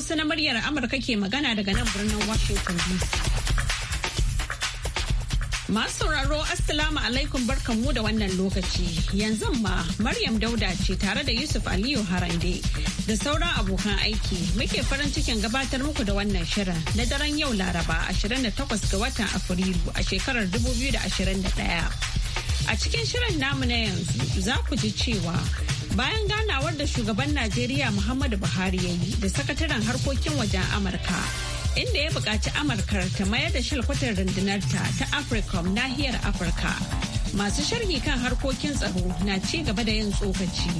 wasu na muryar Amurka ke magana daga nan birnin Washington DC. Masu sauraro Assalamu alaikum barkanmu da wannan lokaci. Yanzu ma Maryam Dauda ce tare da Yusuf Aliyu Harande da sauran abokan aiki muke farin cikin gabatar muku da wannan shirin na daren yau Laraba 28 ga watan Afrilu a shekarar 2021. A cikin shirin namu na yanzu za ku ji cewa bayan ganawar da shugaban najeriya muhammadu buhari ya yi da sakataren harkokin wajen amurka inda ya buƙaci amurkar ta mayar da shalkwatar rundunarta ta africom nahiyar afirka masu sharhi kan harkokin tsaro na ci gaba da yin tsokaci.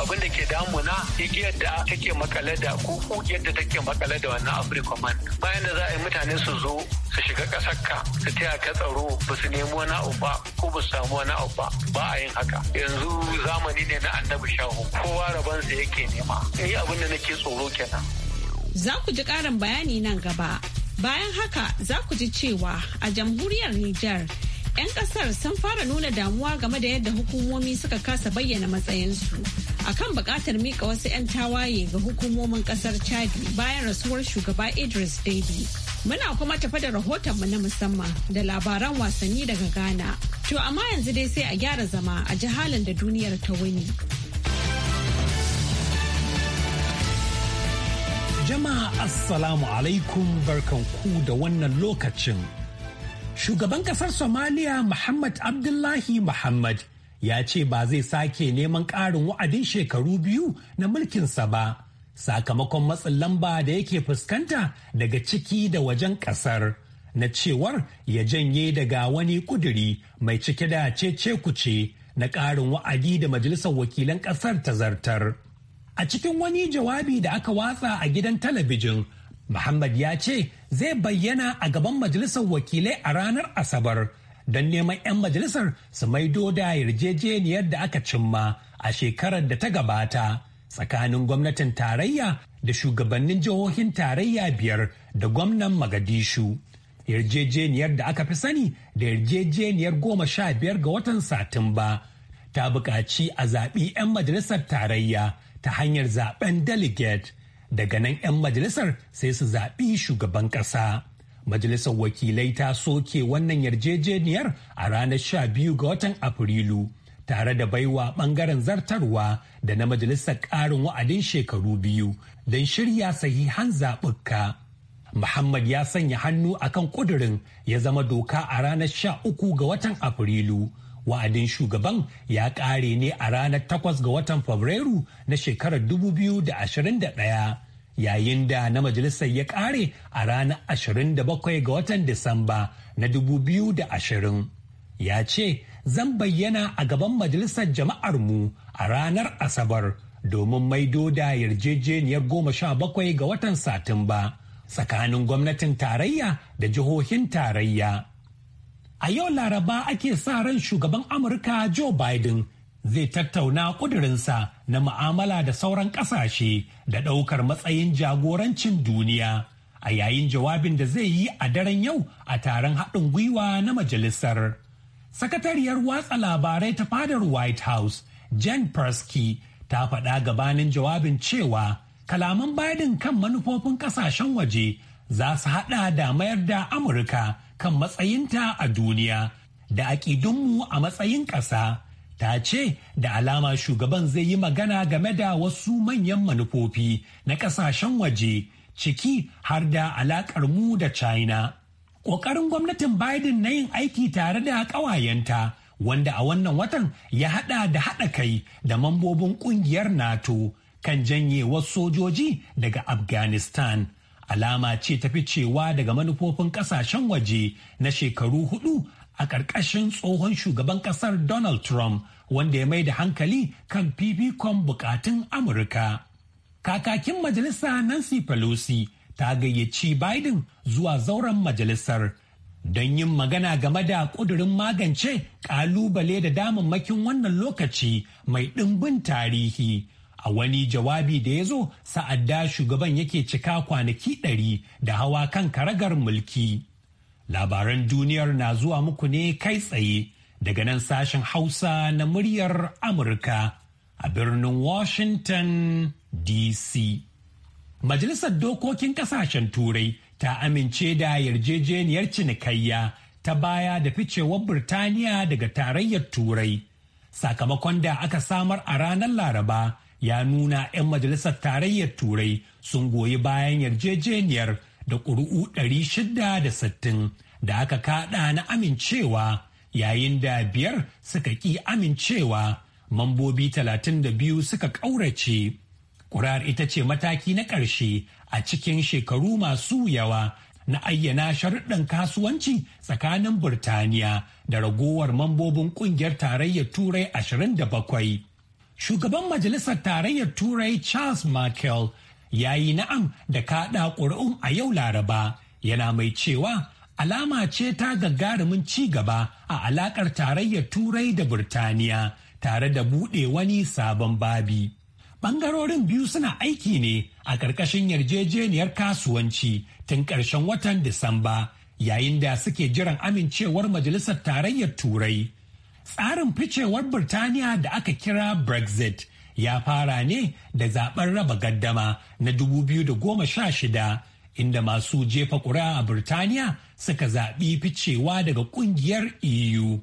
Abin da ke damuna igiyar da take makale da ko yadda take makale da wannan man. Bayan da za a yi mutane su zo su shiga ƙasar ka su taya ka tsaro ba su nemi wani abu ba ko ba su samu wani abu ba ba a yin haka. Yanzu zamani ne na annabi shahu kowa rabansa yake nema. Ni abin da nake tsoro kenan. Za ku ji ƙarin bayani nan gaba. Bayan haka za ku ji cewa a jamhuriyar Nijar 'Yan kasar sun fara nuna damuwa game da yadda hukumomi suka kasa bayyana matsayinsu kan bukatar mika wasu 'yan tawaye ga hukumomin kasar Chadi bayan rasuwar shugaba Idris Deby. Muna kuma tafa da rahotonmu na musamman da labaran wasanni daga Ghana. To amma yanzu dai sai a gyara zama a jihalin da duniyar ta wuni. Jama'a Assalamu alaikum barkanku da wannan lokacin. Shugaban kasar Somalia Muhammad Abdullahi Muhammad ya ce ba zai sake neman ƙarin wa'adin shekaru biyu na mulkinsa ba, sakamakon matsin lamba da yake fuskanta daga ciki da wajen ƙasar. Na cewar ya janye daga wani kuduri mai cike da cece ce na ƙarin wa'adi da Majalisar Wakilan ƙasar ta zartar. A cikin wani jawabi da aka watsa a gidan talabijin Muhammad ya ce zai bayyana a gaban majalisar wakilai a ranar Asabar don neman 'yan majalisar su maido da yarjejeniyar da aka cimma a shekarar da ta gabata tsakanin gwamnatin tarayya da shugabannin jihohin tarayya biyar da gwamnan Magadishu. Yarjejeniyar da aka fi sani da yarjejeniyar goma sha biyar ga watan Satumba ta buƙaci a zaɓi 'yan majalisar tarayya ta hanyar zaɓen delegate daga nan 'yan majalisar sai su zaɓi shugaban ƙasa. Majalisar wakilai ta soke wannan yarjejeniyar a ranar sha biyu ga watan Afrilu tare da baiwa ɓangaren zartarwa da na majalisar ƙarin wa'adin shekaru biyu don shirya sahihan zaɓuka. Muhammad ya sanya hannu akan ƙudurin ya zama doka a ranar sha uku ga watan Afrilu. wa'adin shugaban ya ƙare ne a ranar 8 ga watan fabrairu na shekarar 2021 yayin da na majalisar ya ƙare a ranar 27 ga watan disamba na 2020 ya ce zan bayyana a gaban majalisar jama'armu a ranar asabar domin maido da yarjejeniyar 17 ga watan satumba tsakanin gwamnatin tarayya da jihohin tarayya A yau Laraba ake sa ran shugaban Amurka Joe Biden zai tattauna ƙudurinsa na ma'amala da sauran kasashe da ɗaukar matsayin jagorancin duniya a yayin jawabin da zai yi a daren yau a taron haɗin gwiwa na majalisar. Sakatariyar watsa labarai ta fadar White House, Jen Persky, ta faɗa gabanin jawabin cewa kalaman Biden kan manufofin ƙasashen waje za su haɗa da mayar da Amurka kan matsayinta a duniya da aƙidunmu a matsayin ƙasa ta ce da alama shugaban zai yi magana game da wasu manyan manufofi na ƙasashen waje ciki har da alaƙar mu da china ƙoƙarin gwamnatin biden na yin aiki tare da ƙawayenta wanda a wannan watan ya haɗa da haɗa kai da mambobin ƙungiyar nato kan janye wasu sojoji daga afghanistan alama ce ta ficewa daga manufofin kasashen waje na shekaru hudu a ƙarƙashin tsohon shugaban ƙasar Donald Trump wanda ya mai da hankali kan fifikon bukatun Amurka. Kakakin majalisa Nancy Pelosi ta gayyaci Biden zuwa zauren majalisar don yin magana game da ƙudurin magance ƙalubale da damammakin wannan lokaci mai ɗimbin tarihi. a wani jawabi da ya zo sa'adda shugaban yake cika kwanaki ɗari da hawa kan karagar mulki labaran duniyar na zuwa muku ne kai tsaye daga nan sashen hausa na muryar amurka a birnin washington dc majalisar dokokin kasashen turai ta amince da yarjejeniyar cinikayya ta baya da ficewar birtaniya daga tarayyar turai sakamakon da aka samar a ranar laraba ya nuna 'yan majalisar tarayyar turai sun goyi bayan yarjejeniyar da ƙuri'u 660 da aka kaɗa na amincewa yayin da biyar suka ƙi amincewa mambobi 32 suka ƙaurace. Ƙurar ita ce mataki na ƙarshe a cikin shekaru masu yawa na ayyana sharuɗan kasuwanci tsakanin Birtaniya da ragowar mambobin ƙungiyar tarayyar Turai 27. Shugaban Majalisar Tarayyar Turai Charles Markel ya yi na'am da kaɗa ƙuri'un a yau Laraba yana mai cewa alama ce ta gagarumin ci gaba a alaƙar tarayyar Turai da Burtaniya tare da buɗe wani sabon babi. Ɓangarorin biyu suna aiki ne a ƙarƙashin yarjejeniyar kasuwanci tun ƙarshen watan Disamba yayin da suke jiran amincewar Majalisar Tarayyar Turai. Tsarin ficewar Birtaniya da aka kira Brexit ya fara ne da zaben raba gaddama na 2016 inda masu jefa ƙuri'a a Birtaniya suka zaɓi ficewa daga ƙungiyar EU.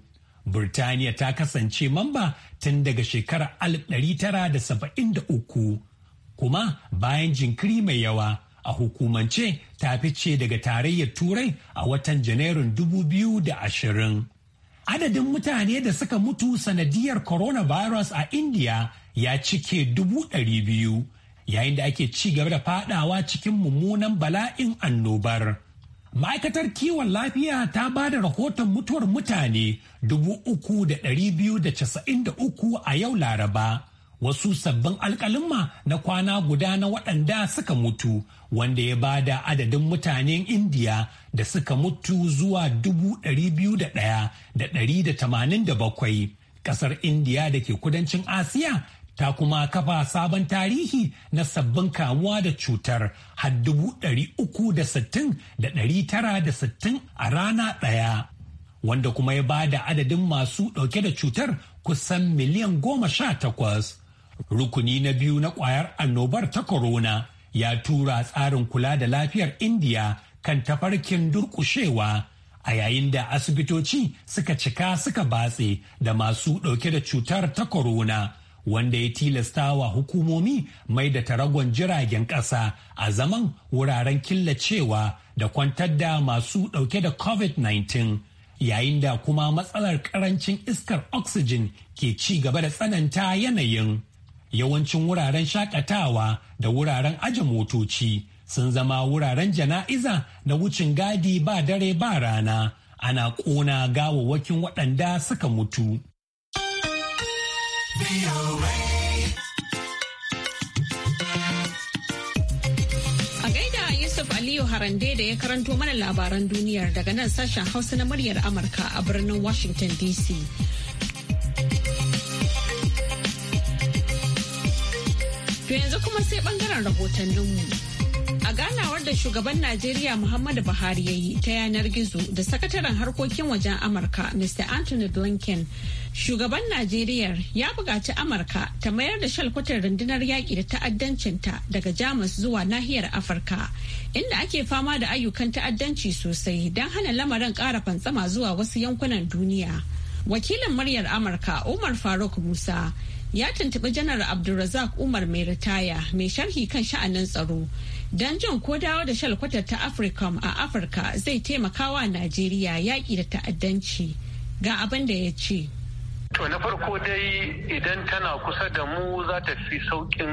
Birtaniya ta kasance mamba tun daga shekarar 1973 kuma bayan jinkiri mai yawa a hukumance ta fice daga tarayyar turai a watan janairun 2020 adadin mutane da suka mutu sanadiyar coronavirus a india ya cike dubu ɗari biyu yayin da ake ci gaba da fadawa cikin mummunan bala'in annobar ma'aikatar kiwon lafiya ta ba da rahoton mutuwar mutane dubu uku da ɗari biyu da casa'in da uku a yau laraba wasu sabbin alkalimma na kwana guda na waɗanda suka mutu wanda ya bada adadin mutanen indiya da suka mutu zuwa bakwai ƙasar indiya da ke kudancin asiya ta kuma kafa sabon tarihi na sabbin kamuwa da cutar har dubu uku da da da sittin tara sittin a rana ɗaya wanda kuma ya bada adadin masu ɗauke da cutar kusan miliyan goma sha takwas rukuni na biyu na kwayar annobar ta corona ya tura tsarin kula da lafiyar indiya kan tafarkin durkushewa a yayin da asibitoci suka cika suka batse da masu dauke da cutar ta corona wanda ya tilasta wa hukumomi mai da taragon jiragen ƙasa a zaman wuraren killacewa da kwantar da masu dauke da covid-19 yayin da kuma matsalar ƙarancin iskar oxygen ke ci gaba da tsananta yanayin. yawancin wuraren shakatawa da wuraren aje motoci sun zama wuraren jana'iza da wucin gadi ba dare ba rana ana ƙona gawawwakin waɗanda suka mutu. A Yusuf Aliyu Harande da ya karanto mana labaran duniyar daga nan sashen Hausa na muryar Amurka a birnin Washington DC. yanzu kuma sai bangaren rahotanninmu. A ganawar da shugaban Najeriya Muhammadu Buhari ya yi ta yanar gizo da sakataren harkokin wajen Amurka Mr. Anthony Blinken, shugaban Najeriya ya bukaci Amurka ta mayar da shalkwatar rundunar yaƙi da ta'addancinta daga Jamus zuwa nahiyar Afirka, inda ake fama da ayyukan ta'addanci sosai don hana lamarin ƙara fantsama zuwa wasu yankunan duniya. Wakilin muryar Amurka Umar Faruk Musa ya tuntuɓi janar abdulrazak umar mai ritaya mai sharhi kan sha'anin tsaro don jin ko dawo da shalkwatar ta afirka a afirka zai taimaka wa najeriya yaƙi da ta'addanci ga abin da ya ce To na farko dai idan tana kusa da mu za ta fi sauƙin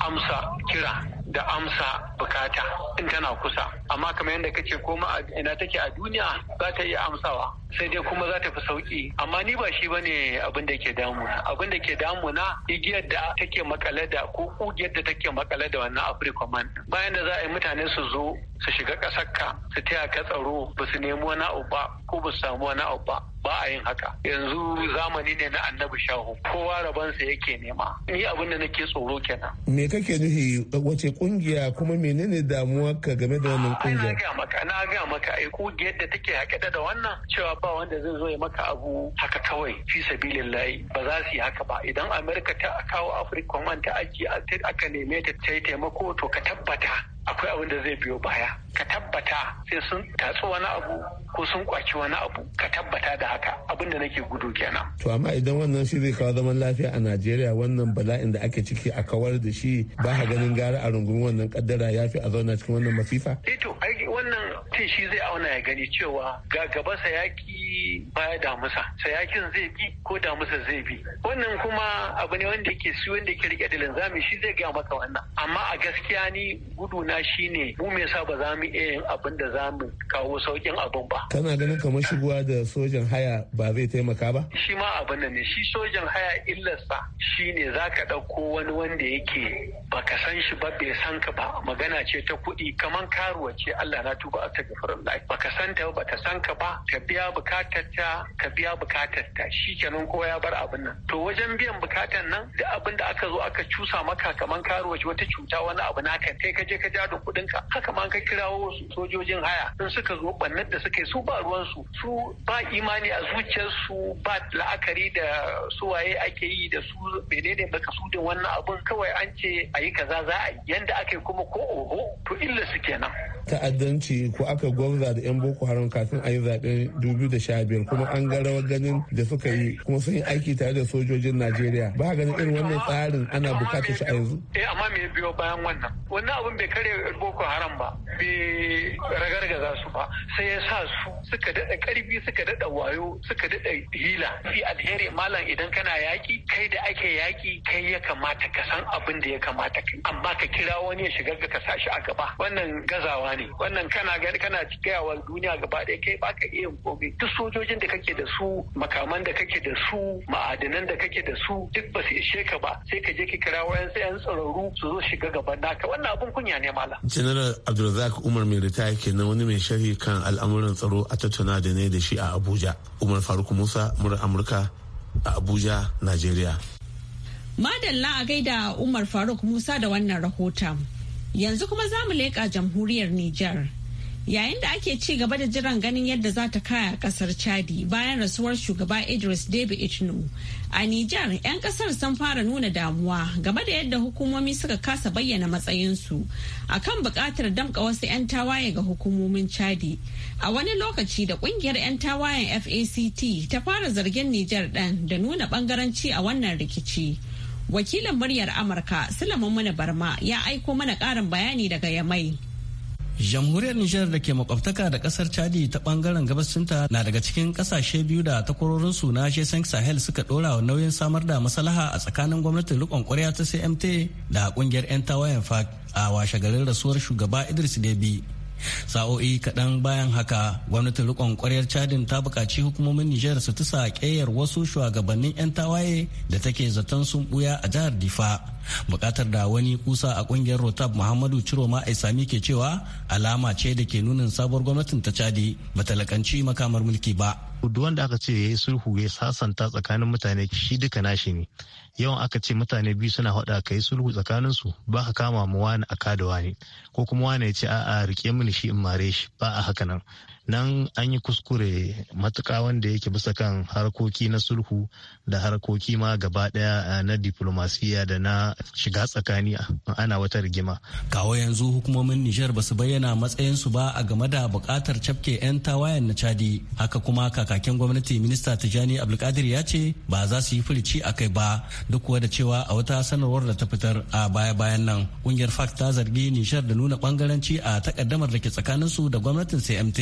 amsa kira da amsa bukata in tana kusa amma kamar yadda kace koma ina take a duniya za ta iya amsawa sai dai kuma za ta fi sauki amma ni ba shi bane abin da ke damuna abin da ke damuna igiyar da take makale da ko kugiyar da take makale da wannan Africa man bayan da za a yi mutane su zo su shiga ƙasarka su taya ka tsaro ba su nemi wani abu ba ko ba su samu wani abu ba a yin haka yanzu zamani ne na annabi shahu kowa rabansa yake nema ni abin da nake tsoro kenan me kake nufi wace kungiya kuma menene damuwa ka game da wannan kungiya? Na ga maka, na ga maka ai kungiyar da take haƙe da wannan cewa ba wanda zai zo ya maka abu haka kawai fi sabilin layi ba za su yi haka ba idan Amerika ta kawo Afirka wanta aji aka neme ta taimako to ka tabbata akwai abin da zai biyo baya ka tabbata sai sun tatsu wani abu ko sun kwaci wani abu ka tabbata da haka abin da nake gudu kenan to amma idan wannan shi zai kawo zaman lafiya a Najeriya wannan bala'in da ake ciki a kawar da shi ba ha ganin gara a rungumin wannan kaddara fi a zauna cikin wannan masifa eh to ai wannan tin shi zai auna ya gani cewa ga gaba sayaki baya damusa sayakin zai bi ko damusa zai bi wannan kuma abu ne wanda yake su wanda yake rike da linzami shi zai ga maka wannan amma a gaskiya ni gudu na shine mu me sa ba za mu iya yin abin da za mu kawo saukin abin ba kana ganin kamar shigowa da sojan haya ba zai taimaka ba shi ma abin nan ne shi sojan haya illarsa za ka ɗauko wani wanda yake ba ka san shi ba bai san ka ba magana ce ta kuɗi kamar karuwa ce Allah na tuba ta gafarin lai baka san ta ba ta san ka ba ka biya bukatar ta ka biya bukatar ta kenan ko ya bar abin nan to wajen biyan bukatar nan da abin da aka zo aka cusa maka kaman karuwa ce wata cuta wani abu naka kai ka je ka biya da kudin ka haka ma ka kirawo sojojin haya in suka zo bannan da suke su ba ruwan su su ba imani a zuciyarsu ba la'akari da suwaye ake yi da su menene da wannan abun kawai an ce a yi kaza za a yi yanda aka kuma ko oho to illa su kenan ta'addanci ko aka gwamza da 'yan boko haram kafin a yi zaɓen dubu da sha biyar kuma an ga rawar ganin da suka yi kuma sun yi aiki tare da sojojin najeriya ba ganin irin wannan tsarin ana bukatar shi a yanzu eh amma me biyo bayan wannan wannan abun bai kare ce boko haram ba bai ragargaza su ba sai ya sa su suka dada ƙarfi suka daɗa wayo suka dada hila fi alheri malam idan kana yaƙi kai da ake yaƙi kai ya kamata ka san abin da ya kamata amma ka kira wani ya shiga ka sa a gaba wannan gazawa ne wannan kana kana gaya wa duniya gaba ɗaya kai ba ka iya komai duk sojojin da kake da su makaman da kake da su ma'adanan da kake da su duk ba su ishe ka ba sai ka je ka kira wayan yan tsararru su zo shiga gaban naka wannan abin kunya ne kamala. General Abdulrazak Umar mai yake na wani mai sharhi kan al'amuran tsaro a tattauna da ne da shi a Abuja. Umar Faruk Musa, murar Amurka a Abuja, Najeriya. Madalla a gaida Umar Faruk Musa da wannan rahoton. Yanzu kuma za mu leƙa jamhuriyar Nijar. yayin da ake ci gaba da jiran ganin yadda za ta kaya kasar chadi bayan rasuwar shugaba idris debi itno a nijar 'yan kasar sun fara nuna damuwa game da yadda hukumomi suka kasa bayyana matsayinsu a kan bukatar damka wasu 'yan tawaye ga hukumomin chadi a wani lokaci da kungiyar 'yan tawayen fact ta fara zargin nijar ɗan da nuna bangaranci a wannan rikici wakilin muryar amurka mana barma ya aiko mana ƙarin bayani daga yamai jamhuriyar nijar da ke makwabtaka da kasar chadi ta bangaren gabasinta na daga cikin kasashe biyu da su na g sahel suka dora wa nauyin samar da masalaha a tsakanin gwamnatin rikon kwarya ta cmt da kungiyar 'yan tawayen fac a washe garin rasuwar shugaba idris debi sa'o'i kaɗan bayan haka gwamnatin rikon kwaryar cadin ta buƙaci hukumomin nijar su tusa ƙeyar wasu shugabannin 'yan tawaye da take zaton sun buya a jihar difa buƙatar da wani kusa a ƙungiyar rotab muhammadu ciroma sami ke cewa alama ce da ke nunin sabuwar gwamnatin ta cadi bata lakanci makamar mulki ba duk wanda aka ce ya yi sulhu ya sasanta tsakanin mutane shi duka nashi ne yawan aka ce mutane biyu suna haɗa ka yi sulhu tsakanin su ba ka kama mu wani a kada wani ko kuma wani ya ce a'a rike mini shi in mare shi ba a haka nan nan an yi kuskure matuka wanda yake bisa kan harkoki na sulhu da harkoki ma gaba daya eh, na diplomasiya da na shiga tsakani ah, ana wata rigima kawo yanzu hukumomin nijar ba su bayyana matsayinsu ba a game da bukatar cafke 'yan tawayen na chadi haka kuma kakakin gwamnati minista tijani abdulkadir ya ce ba za su yi furici a kai ba duk kuwa da cewa a wata sanarwar da ta fitar a baya-bayan nan kungiyar fact ta zargi nishar da nuna bangaranci a takaddamar da ke tsakaninsu da gwamnatin cmt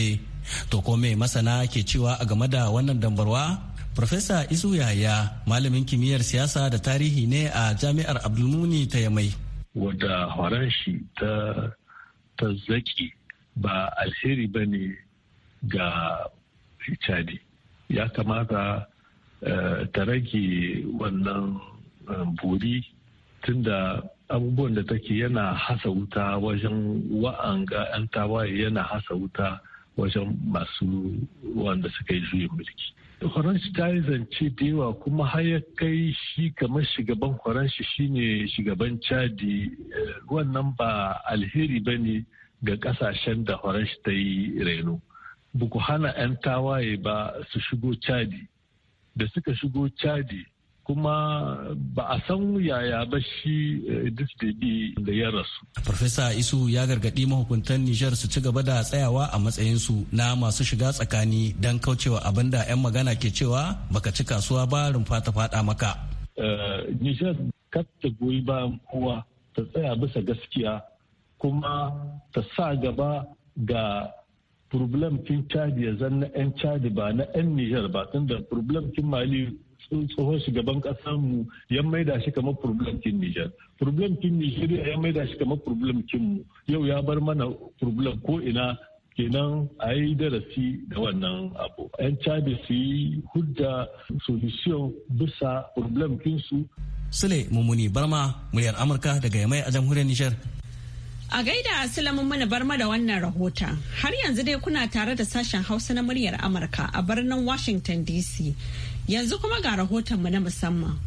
To ko me masana ke cewa a game da wannan dambarwa? Profesa Isu Yaya malamin kimiyyar siyasa da tarihi ne a jami'ar Abdulmuni ta Yamai. Wadda horon ta zaki ba alheri ba ne ga Chadi. Ya kamata eh, ta rage wannan eh, buri tunda abubuwan da take yana hasa wuta wajen wa'anga 'yan tawaye yana hasa wuta wajen masu wanda suka yi juyin mulki faranshi ta yi zance da yawa kuma har ya kai shi kamar shugaban shi shine shugaban chadi eh, wannan ba alheri ba ne ga kasashen da faranshi ta yi reno buku hana 'yan tawaye ba su shigo chadi da suka shigo chadi kuma ba a san yaya ba shi eh, da da ya rasu. Farfesa Isu ya gargaɗi mahukuntan Nijar su ci gaba da tsayawa a matsayinsu na masu shiga tsakani don kaucewa abin da 'yan magana ke cewa baka ci kasuwa ba rumfa ta faɗa maka. Eh, Nijar kar ta goyi bayan kowa ta tsaya bisa gaskiya kuma ta sa gaba ga problem kin cadi ya zanna 'yan cadi ba na 'yan Nijar ba tunda problem kin Mali tsohon shugaban ƙasa mu ya maida shi kamar problem kin Niger. Problem kin Nijeriya ya maida shi kamar problem kin mu. Yau ya bar mana problem ko ina kenan a yi darasi da wannan abu. 'Yan Chadi su yi hudda solution bisa problem kin su Sule Mummuni Barma, muryar Amurka daga Yamai a jamhuriyar Nijar. A gaida Asalamin mana barma da wannan rahoton. Har yanzu dai kuna tare da sashen Hausa na muryar Amurka a birnin Washington DC. Yanzu kuma ga rahoton mu na musamman.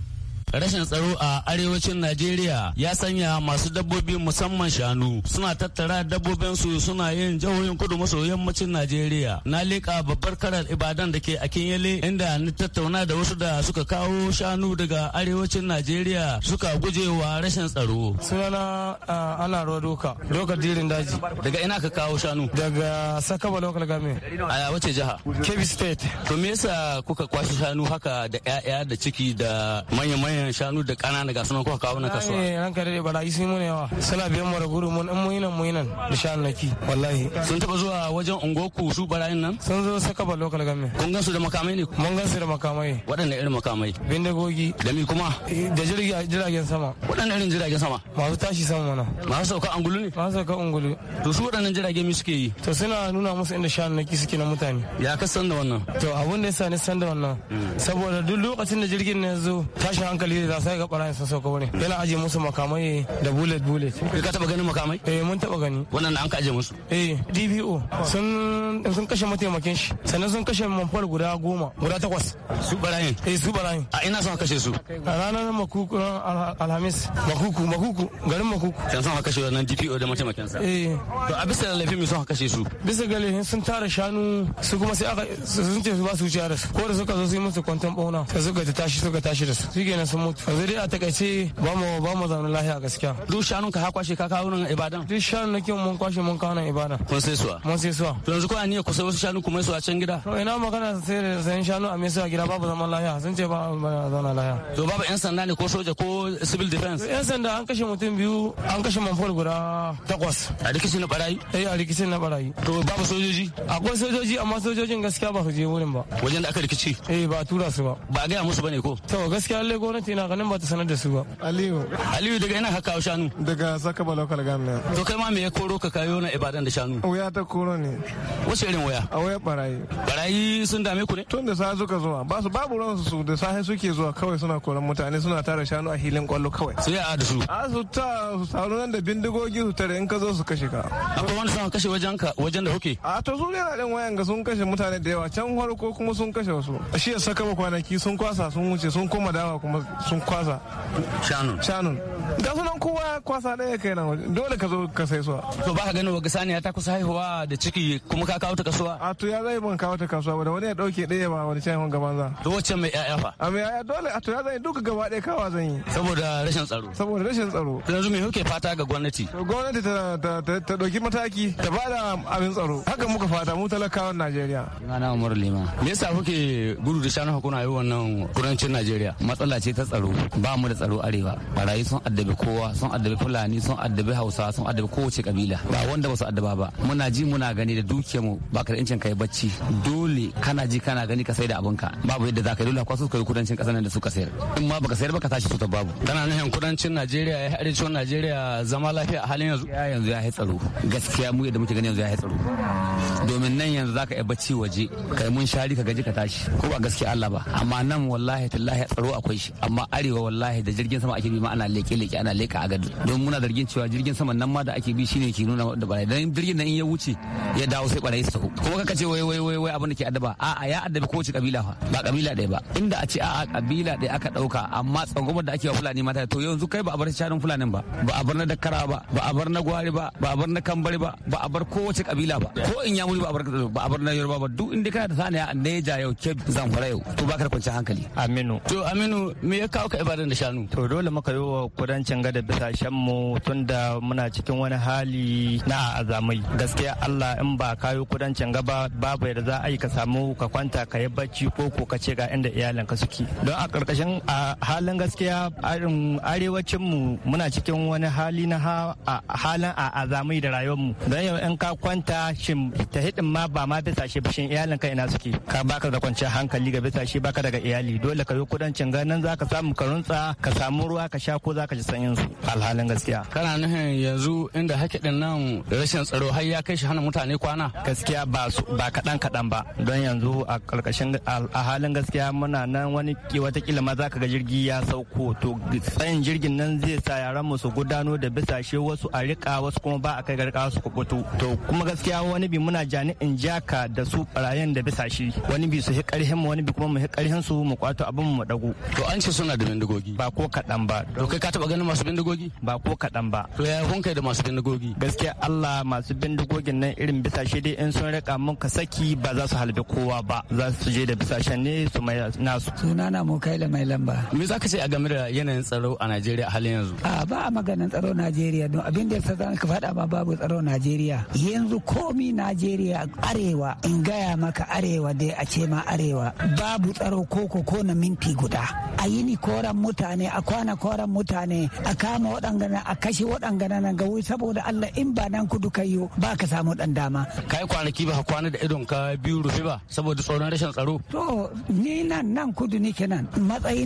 Rashin tsaro a arewacin Najeriya ya sanya masu dabbobi musamman shanu suna tattara dabbobinsu suna yin jihohin kudu maso yammacin Najeriya. Na leƙa babbar karar Ibadan da ke a Kinyele inda ni tattauna da wasu da suka kawo shanu daga arewacin Najeriya suka guje wa rashin tsaro. Sunana ana doka, doka dirin daji. Daga ina ka kawo shanu? Daga Sakaba local government. A wace jiha? Kebbi state. To me yasa kuka kwashi shanu haka da 'ya'ya da ciki da manya-manya irin shanu da ƙanana ga sunan kuka kawo na kasuwa eh, ranka da barayi sun mun yawa sala biyan mu da guru mun in muyinan nan da shanunaki wallahi sun taba zuwa wajen ungoku su barayin nan sun zo saka ba local government kun gansu da makamai ne mun gansu da makamai waɗanne irin makamai bindigogi da mi kuma eh, da jirgi jiragen sama waɗanne irin jiragen sama masu tashi sama mana masu sauka angulu ne masu sauka angulu to su waɗannan jiragen mi suke yi to suna nuna musu inda shanunaki suke na mutane ya ka san da wannan to abun da yasa ni san da wannan hmm. saboda duk lokacin da jirgin ne ya zo tashin hankali dalili za sai ga barayin sun sauka wurin yana aje musu makamai da bullet bullet ka taba ganin makamai eh mun taba gani wannan an ka aje musu eh DBO sun sun kashe mataimakin shi sannan sun kashe manfar guda goma guda takwas su barayin eh su barayin a ina son kashe su a ranar makuku alhamis makuku makuku garin makuku can son kashe wannan DPO da mataimakin sa eh to a bisa laifin mai son kashe su bisa ga sun tara shanu su kuma sai aka sun ce su ba su wuce da su ko da suka zo su yi musu kwanton bauna sai suka tashi suka tashi da su shikenan sun mutu yanzu dai a takaice ba mu ba mu zaune lahiya gaskiya duk shanun ka ha kwashe ka kawo nan ibadan duk shanun nake mun kwashe mun kawo nan ibadan kun sai suwa mun sai suwa to yanzu ko an iya kusa wasu shanu kuma su a can gida to ina magana sai da sayan shanu a mesa gida babu zaman lahiya sun ce ba ba zauna lahiya to babu yan sanda ne ko soja ko civil defense yan sanda an kashe mutum biyu an kashe manfol guda takwas a rikici na barayi eh a rikici na barayi to babu sojoji akwai sojoji amma sojojin gaskiya ba su je wurin ba wajen da aka rikici eh ba tura su ba ba ga musu bane ko to gaskiya lalle gwamnati na ganin ba ta sanar da su ba. Aliyu. Aliyu daga ina haka kawo shanu. Daga saka ba local government. To kai ma me ya koro ka kayo na Ibadan da shanu? Wuya ta koro ne. Wasu irin wuya? A wuya barayi. Barayi sun dame ku ne? Tun da safe suka zuwa ba su babu ran su da safe suke zuwa kawai suna koran mutane suna tara shanu a hilin kwallo kawai. Sai a da su. A su ta su taru nan da bindigogi su tare in ka zo su kashe ka. Akwai wani sun kashe wajen ka wajen da kuke? A to su ne na ɗin wayan ga sun kashe mutane da yawa can farko kuma sun kashe wasu. Shi ya saka ba kwanaki sun kwasa sun wuce sun koma dawa kuma sun kwasa shanun shanun ga sunan kowa kwasa ɗaya kai nan dole ka zo ka sai suwa to ba ka gani waga saniya ta kusa haihuwa da ciki kuma ka kawo ta kasuwa a to ya zai ban kawo ta kasuwa da wani ya dauke ɗaya ba wani can gaban za to wacce mai ƴaƴa fa a mai ƴaƴa dole a to ya zai duka gaba ɗaya kawa zan yi saboda rashin tsaro saboda rashin tsaro yanzu me kuke fata ga gwamnati gwamnati ta ta dauki mataki ta bada abin tsaro haka muka fata mu talakawan Najeriya Ina na Umar Liman me yasa kuke gudu da shanu a yi wannan kudancin Najeriya matsala ce ta ta tsaro ba mu da tsaro arewa barayi sun addabi kowa sun addabi fulani sun addabi hausa sun addabi kowace kabila ba wanda ba su addaba ba muna ji muna gani da dukiyar mu ba ka da incin kai bacci dole kana ji kana gani ka sai da abinka babu yadda za ka yi dole kwasu kai kudancin kasar nan da suka sayar in ma baka sayar ba ka tashi su ta babu kana nan kudancin Najeriya ya arewacin Najeriya zama lafiya a halin yanzu ya yanzu ya yi tsaro gaskiya mu yadda muke gani yanzu ya yi tsaro domin nan yanzu zaka iya bacci waje kai mun shari ka gaji ka tashi ko ba gaskiya Allah ba amma nan wallahi tallahi tsaro akwai shi amma arewa wallahi da jirgin sama ake bi ma ana leke leke ana leka a gadu don muna zargin cewa jirgin sama nan ma da ake bi shine ke nuna da barayi dan jirgin nan in ya wuce ya dawo sai barayi su tafi kuma kaka ce wai wai wai abin da ke addaba a ya addabi kowace kabila fa ba kabila ɗaya ba inda a ce a kabila ɗaya aka ɗauka amma tsangwamar da ake wa fulani mata to yanzu kai ba a bar shanun fulanin ba ba a bar na dakkara ba ba a bar na gwari ba ba a bar na kambari ba ba a bar kowace kabila ba ko in ya muni ba a bar ba a bar na yoruba ba duk inda kana da saniya neja yau ke zamfara yau to ba ka kwanci hankali aminu to aminu me ya kawo ka ibadan da shanu to dole muka yi wa kudancin gada bisa shan mu da muna cikin wani hali na azamai gaskiya Allah in ba kayo kudancin gaba babu yadda za a yi ka samu ka kwanta ka yi bacci ko ko ka ce ga inda iyalin ka suke don a karkashin a halin gaskiya arewacin mu muna cikin wani hali na ha a halin a azamai da rayuwar mu don yau in ka kwanta shin ta hidin ma ba ma bisa shi shin iyalin ka ina suke ka baka da kwanciyar hankali ga bisa shi baka daga iyali dole ka yi kudancin ganin za ka samu ka runtsa ka samu ruwa ka sha ko za ka ji sanyin su alhalin gaskiya kana nufin yanzu inda din nan rashin tsaro har ya kai shi hana mutane kwana gaskiya ba ba kaɗan kaɗan ba don yanzu a ƙarƙashin a halin gaskiya muna nan wani kila ma za ka ga jirgi ya sauko to tsayin jirgin nan zai sa yaran mu su gudano da bisashe wasu a riƙa wasu kuma ba a kai rika su kubutu to kuma gaskiya wani bi muna jani in jaka da su barayen da bisashe wani bi su hi karhin mu wani bi kuma mu hi karhin su mu kwato abin mu dago to an ci suna da bindigogi ba ko kaɗan ba to kai ka taɓa ganin masu bindigogi ba ko kaɗan ba to ya kun kai da masu bindigogi gaskiya Allah masu bindigogin nan irin bisashe dai in sun rika mun ka saki ba za su halbe kowa ba za su je da bisashen ne su mai nasu na mu kai mai lamba me za ce a game da yanayin tsaro a Najeriya a halin yanzu a ba a maganin tsaro Najeriya don abin da ya zan ka faɗa ba babu tsaro Najeriya yanzu komi Najeriya arewa in gaya maka arewa dai a ce ma arewa babu tsaro koko ko na minti guda a yi koran mutane a kwana koran mutane a kama waɗangana a kashe waɗangana nan ga wuri saboda Allah in ba nan kudu ka yi ba ka samu ɗan dama. Kai kwanaki ba ka kwana da idon ka biyu rufe ba saboda tsoron rashin tsaro. To ni nan nan kudu nike nan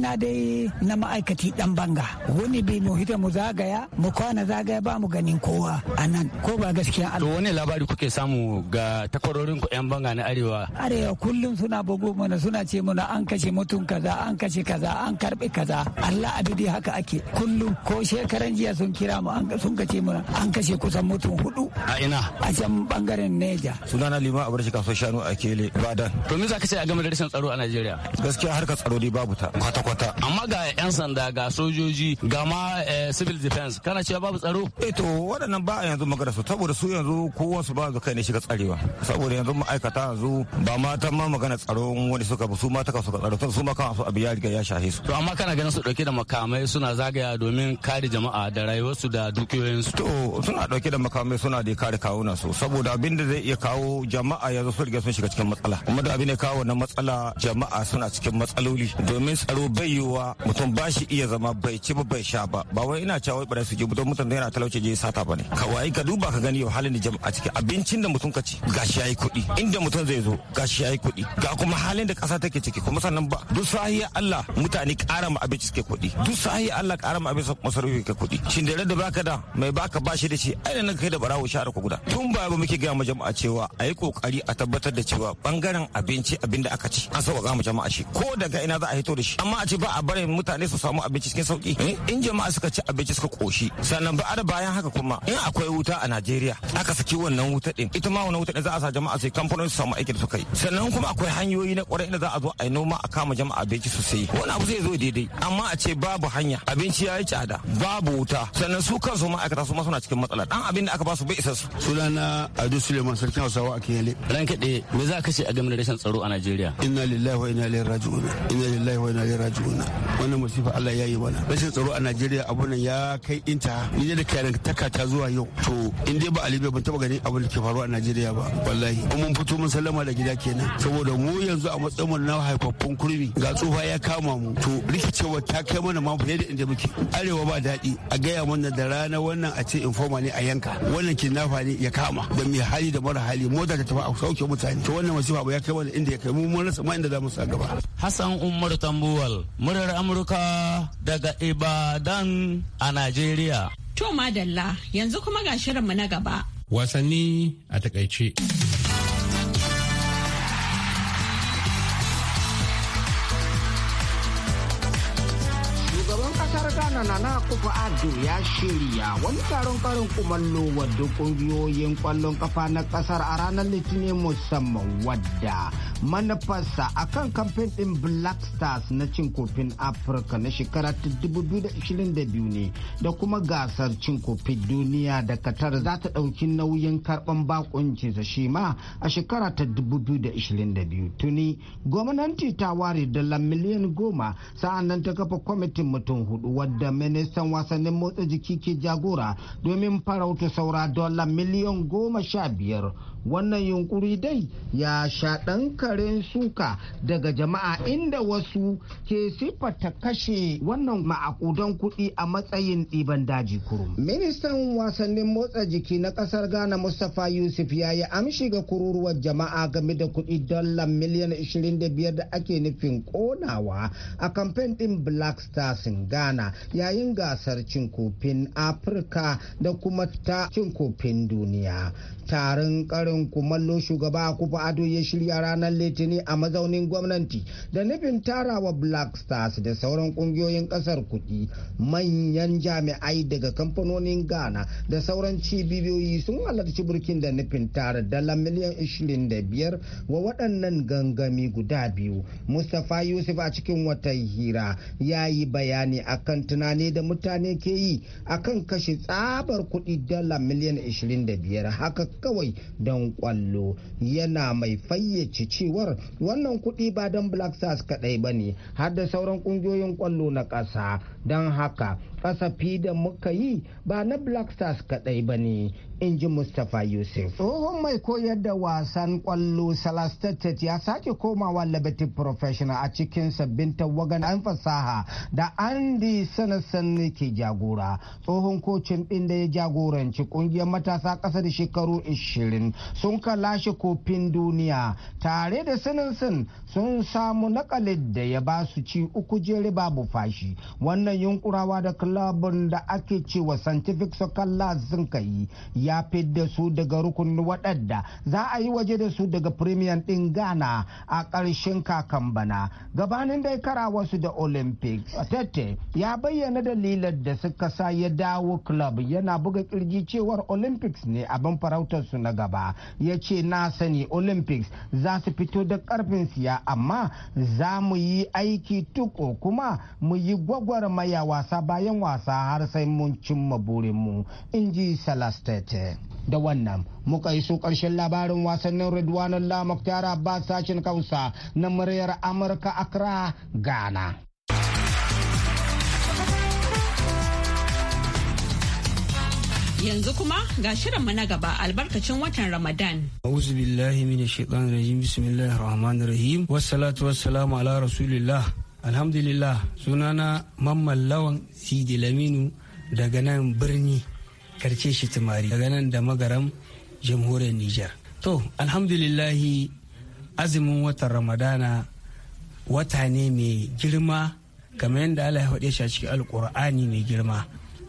na dai na ma'aikaci ɗan banga wani bi mu hita mu zagaya mu kwana zagaya ba mu ganin kowa a nan ko ba gaskiya. To wani labari kuke samu ga takwarorin ku 'yan banga na arewa. Arewa kullum suna bugu mana suna ce mana an kashe mutum kaza an kashe kaza an kar karbe kaza Allah abidi haka ake kullum ko shekaran jiya sun kira mu an sun kace mu an kashe kusan mutum hudu a ina a can bangaren Neja sunana Lima Abarshi kaso shanu a Kele Badan to me zaka ce a game da rashin tsaro a Najeriya gaskiya harka tsaro dai babu ta kwata kwata amma ga yan sanda ga sojoji ga ma eh, civil defense kana cewa babu tsaro eh to waɗannan ba a yanzu magana su saboda su yanzu kowa su ba su kai ne shiga tsarewa saboda yanzu ma'aikata yanzu ba ma ta ma magana tsaron wani suka su ma ta ka tsaro su ma kan su abu ya riga ya shahe su amma kana ganin su dauke da makamai suna zagaya domin kare jama'a da rayuwarsu da dukiyoyinsu. To suna dauke da makamai suna da kare kawuna su saboda abin da zai iya kawo jama'a yanzu su riga sun shiga cikin matsala. Kuma da abin da kawo wannan matsala jama'a suna cikin matsaloli domin tsaro bai yiwuwa mutum ba shi iya zama bai ci ba bai sha ba. Ba wai ina cewa bare su ji don mutum yana talauce je sata ba ne. Kawai ka duba ka gani yau halin da jama'a ciki abincin da mutum ka ci gashi yayi kuɗi inda mutum zai zo gashi yayi kuɗi ga kuma halin da ƙasa take ciki kuma sannan ba duk sahiya Allah mutane kara ma abinci suke kuɗi duk sahi Allah kara ma abinci masarufi ke kuɗi shin da da baka da mai baka bashi da shi ai nan kai da barawo share ku guda tun ba ba muke ga mu jama'a cewa ayi kokari a tabbatar da cewa bangaren abinci abin da aka ci an ga mu jama'a shi ko daga ina za a hito da shi amma a ce ba a bari mutane su samu abinci cikin sauki eh, in jama'a suka ci abinci suka koshi sannan ba a da bayan haka kuma in akwai wuta a Najeriya aka saki wannan wuta din ita ma wannan wuta din za a sa jama'a sai kamfanoni su samu aiki da suka yi sannan kuma akwai hanyoyi na kwarai inda za a zo a yi noma a kama jama'a abinci sai wani abu zai zo yau daidai amma a ce babu hanya abinci ya yi tsada babu wuta sannan su kansu ma'aikata su masu na cikin matsala dan abin da aka ba su bai isa su sunana adu Suleiman sarkin Hausawa a Kiyale ran kade me za ka ce a game da rashin tsaro a Najeriya inna lillahi wa inna ilaihi raji'un inna lillahi wa inna ilaihi raji'un wannan musifa Allah ya yi mana rashin tsaro a Najeriya abun nan ya kai inta ni da kayan takata zuwa yau to in dai ba alibe ban taba ganin abin da ke faruwa a Najeriya ba wallahi kuma mun fito mun sallama da gida kenan saboda mu yanzu a matsayin na haifaffun kurmi ga tsufa ya kama mu to rikicewa ta kai mana ma fiye da inda muke arewa ba daɗi a gaya mana da rana wannan a ce informa ne a yanka wannan kidnapper ne ya kama da mai hali da mara hali mota ta tafi a sauke mutane to wannan masifa ba ya kai mana inda ya kai mu mun rasa ma inda za mu sa gaba Hassan Umar Tambuwal murar Amurka daga Ibadan a Najeriya to madalla yanzu kuma ga shirinmu na gaba wasanni a takaice nana kufa ado ya shirya wani taron karin kumallo wadda kungiyoyin kwallon kafa na kasar a ranar litinin musamman wadda manufarsa a kan kamfen ɗin black stars na cin kofin afirka na shekara ta 2022 ne da kuma gasar cin kofin duniya da qatar za ta ɗauki nauyin karban bakunci da shi ma a shekara ta 2022 tuni gwamnati ta ware dala miliyan goma sa'an nan ta kafa kwamitin mutum hudu wadda ministan wasannin motsa jiki ke jagora domin farauta saura dala miliyan goma sha biyar wannan yunkuri dai ya sha ɗan karen suka daga jama'a inda wasu ke siffata kashe wannan ma'akudan kuɗi a matsayin ɗiban daji kurum. ministan wasannin motsa jiki na ƙasar ghana mustapha yusuf ya yi amshi ga kururuwar jama'a game da kuɗi dollar miliyan 25 da ake nufin ƙonawa a kamfen ɗin black stars in ghana yayin gasar cin kofin afirka da kuma ta cin kofin duniya tarin karin karin kumallo shugaba kufa ado ya shirya ranar litinin a mazaunin gwamnati da nufin tarawa black stars da sauran kungiyoyin kasar kuɗi manyan jami'ai daga kamfanonin ghana da sauran cibiyoyi sun halarci burkin da nufin tara dala miliyan 25 wa waɗannan gangami guda biyu mustapha yusuf a cikin wata hira ya yi bayani akan tunani da mutane ke yi akan kashe tsabar kuɗi dala miliyan 25 haka kawai don kwallo yana mai fayyace cewar wannan kuɗi ba don black stars kaɗai ba ne har da sauran ƙungiyoyin kwallo na ƙasa don haka kasafi da muka yi ba na black stars kadai ba ne in ji mustapha yusuf tsohon mai koyar da wasan kwallo salastatet ya sake komawa liberty professional a cikin sabbin tawagan an fasaha da andy sanasan ke jagora tsohon kocin din da ya jagoranci kungiyar matasa kasa da shekaru 20 sun kalashe kofin duniya tare da sanasan sun samu nakalin da ya ba su ci uku jere babu fashi wannan yunkurawa da kallon club da ake cewa scientific soccer lads sun kai ya fidda su daga rukunin waɗanda za a yi waje da su daga premier din ghana a ƙarshen kakan bana gabanin dai kara wasu da olympic tete ya bayyana dalilan da suka sa ya dawo club yana buga kirji cewar olympics ne abin su na gaba ya ce na sani olympics za su fito da karfin siya amma za mu yi aiki tuko kuma mu yi gwagwarmaya wasa bayan wasa har sai mun cimma burinmu in ji salastete da wannan muka iso karshen labarin wasannin Ridwanan Lamok Tara sashen Kausa na muryar Amurka Accra, Ghana. Yanzu kuma ga shirinmu na gaba albarkacin watan Ramadan. A'udhu billahi minash shaitanir rajim bismillahir rahmanir rahim wassalatu wassalamu ala rasulillah alhamdulillah sunana mamman lawan sidi laminu daga nan birni karce shi tumari daga nan da magaram jamhuriyar niger to alhamdulillahi azumin watan ramadana wata ne mai girma kamar yadda allah ya shi a cikin alkur'ani mai girma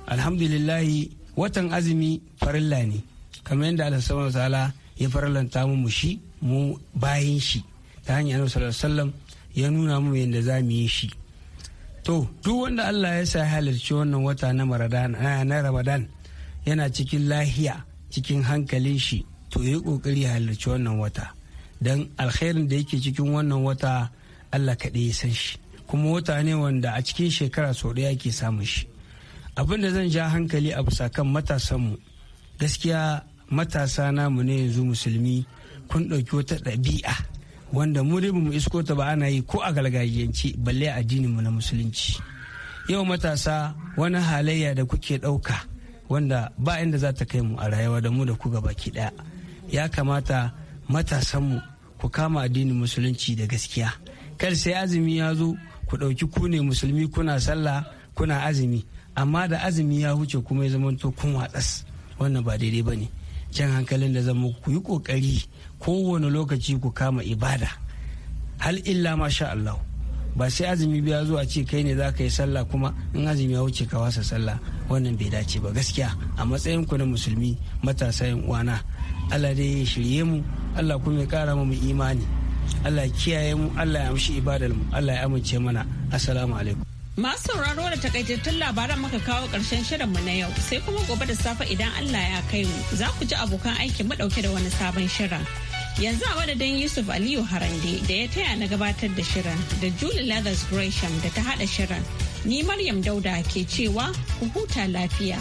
alhamdulillahi watan azumi farilla ne kamar yadda allah subhanahu ya farlanta mu shi mu bayan shi ta hanyar annabi sallallahu alaihi wasallam ya nuna mu yadda za mu yi shi to duk wanda allah ya sa halarci wannan wata na ramadan yana cikin lahiya cikin hankalin shi to ya kokari halarci wannan wata don alkhairin da yake cikin wannan wata allah kaɗai ya san shi kuma wata ne wanda a cikin shekara sau ɗaya ke samun shi abin da zan ja hankali a bisa kan matasanmu gaskiya matasa namu ne yanzu musulmi kun ɗauki wata ɗabi'a wanda mu dai bamu isko ta ba ana yi ko a gargajiyance balle addinin mu na musulunci yau matasa wani halayya da kuke ɗauka wanda ba inda za ta kai mu a rayuwa da mu da ku baki ɗaya ya kamata matasan mu ku kama addinin musulunci da gaskiya kar sai azumi ya zo ku ɗauki ku ne musulmi kuna sallah kuna azumi amma da azumi ya huce kuma ya zamanto kun watsas wannan ba daidai ba ne jan hankalin da zama ku yi kokari kowane lokaci ku kama ibada hal illa masha Allah ba sai azumi biya zuwa ce kai ne za ka yi sallah kuma in azumi ya wuce ka wasa sallah wannan bai dace ba gaskiya a matsayin ku na musulmi matasa yan uwana Allah dai ya shirye mu Allah kuma ya kara mu imani Allah ya kiyaye mu Allah ya amshi ibadar mu Allah ya amince mana assalamu alaikum Masu sauraro da takaitattun labaran muka kawo ƙarshen shirinmu na yau sai kuma gobe da safe idan Allah ya kai mu za ku ji abokan aiki ɗauke da wani sabon shirin. Yanzu a madadin Yusuf Aliyu Harande da ya taya na gabatar da shirin da Julie Leathers Gresham da ta haɗa shirin. Ni Maryam Dauda ke cewa ku huta lafiya.